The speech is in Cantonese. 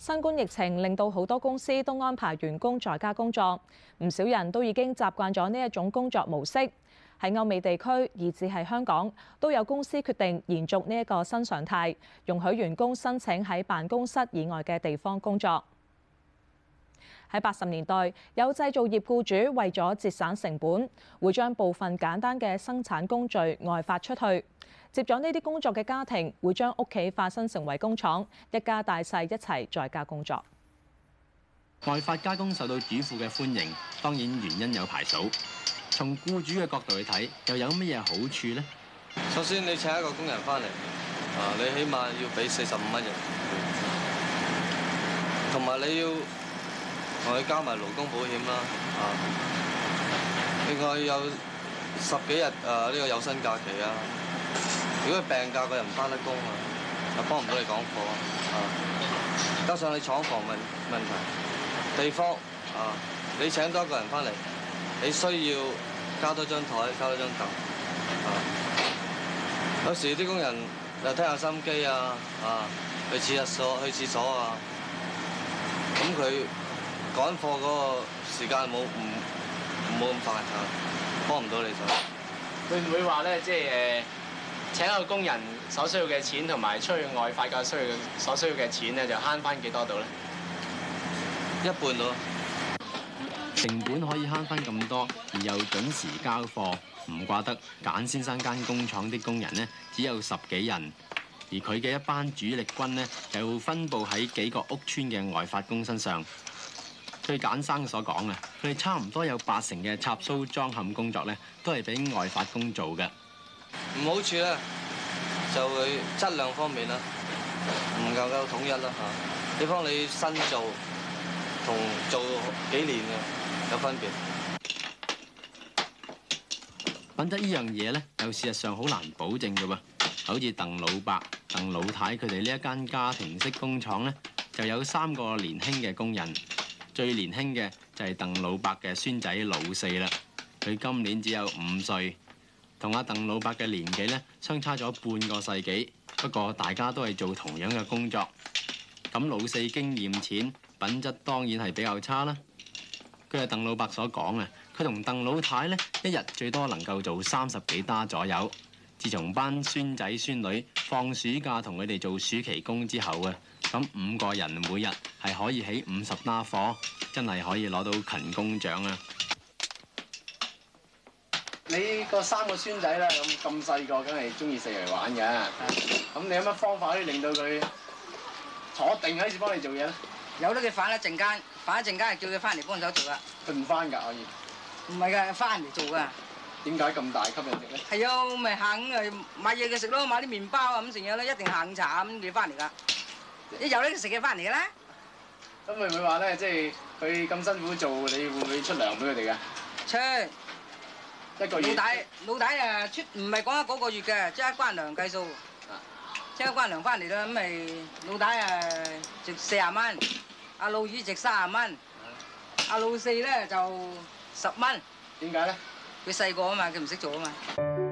新冠疫情令到好多公司都安排員工在家工作，唔少人都已經習慣咗呢一種工作模式。喺歐美地區，以至係香港，都有公司決定延續呢一個新常態，容許員工申請喺辦公室以外嘅地方工作。喺八十年代，有製造業僱主為咗節省成本，會將部分簡單嘅生產工序外發出去。接咗呢啲工作嘅家庭，會將屋企化身成為工廠，一家大細一齊在家工作。外發加工受到主婦嘅歡迎，當然原因有排數。從僱主嘅角度去睇，又有乜嘢好處呢？首先，你請一個工人翻嚟，你起碼要俾四十五蚊人，同埋你要。我哋加埋勞工保險啦，啊！另外有十幾日啊呢、這個有薪假期啊，如果病假個人唔翻得工啊，又幫唔到你講課啊。加上你廠房問問題、啊、地方啊，你請多個人翻嚟，你需要加多張台，加多張凳啊。有時啲工人又聽下心機啊，啊，去廁所去廁所啊，咁、啊、佢。趕貨嗰個時間冇唔冇咁快啊！幫唔到你手。會唔會話咧，即係誒請個工人所需要嘅錢，同埋出去外發嘅需要所需要嘅錢咧，就慳翻幾多度咧？一半囉。成本可以慳翻咁多，而又準時交貨，唔怪得簡先生間工廠啲工人咧只有十幾人，而佢嘅一班主力軍咧又分佈喺幾個屋村嘅外發工身上。對簡生所講呢，佢哋差唔多有最年輕嘅就係鄧老伯嘅孫仔老四啦，佢今年只有五歲，同阿鄧老伯嘅年紀呢相差咗半個世紀。不過大家都係做同樣嘅工作，咁老四經驗淺，品質當然係比較差啦。據鄧老伯所講啊，佢同鄧老太呢一日最多能夠做三十幾打左右。自從班孫仔孫女放暑假同佢哋做暑期工之後啊。咁五個人每日係可以起五十打貨，真係可以攞到勤工獎啊！你個三個孫仔啦，咁咁細個，梗係中意四圍玩嘅。咁你有乜方法可以令到佢坐定喺處幫你做嘢咧？有得佢反一陣間，反一陣間，叫佢翻嚟幫手做啦。佢唔翻㗎可以？唔係㗎，翻嚟做㗎。點解咁大吸引力？係啊，咪下午係買嘢佢食咯，買啲麵包啊咁成嘢啦，一定下午茶咁佢翻嚟㗎。你有呢食嘢翻嚟噶啦？咁會唔會話咧？即係佢咁辛苦做，你會唔會出糧俾佢哋㗎？出一個月。老大老大啊，出唔係講一嗰個月嘅，即係一關糧計數。啊！即係一關糧翻嚟啦，咁咪老大啊，值四十蚊，阿老二值三十蚊，阿老四咧就十蚊。點解咧？佢細個啊嘛，佢唔識做啊嘛。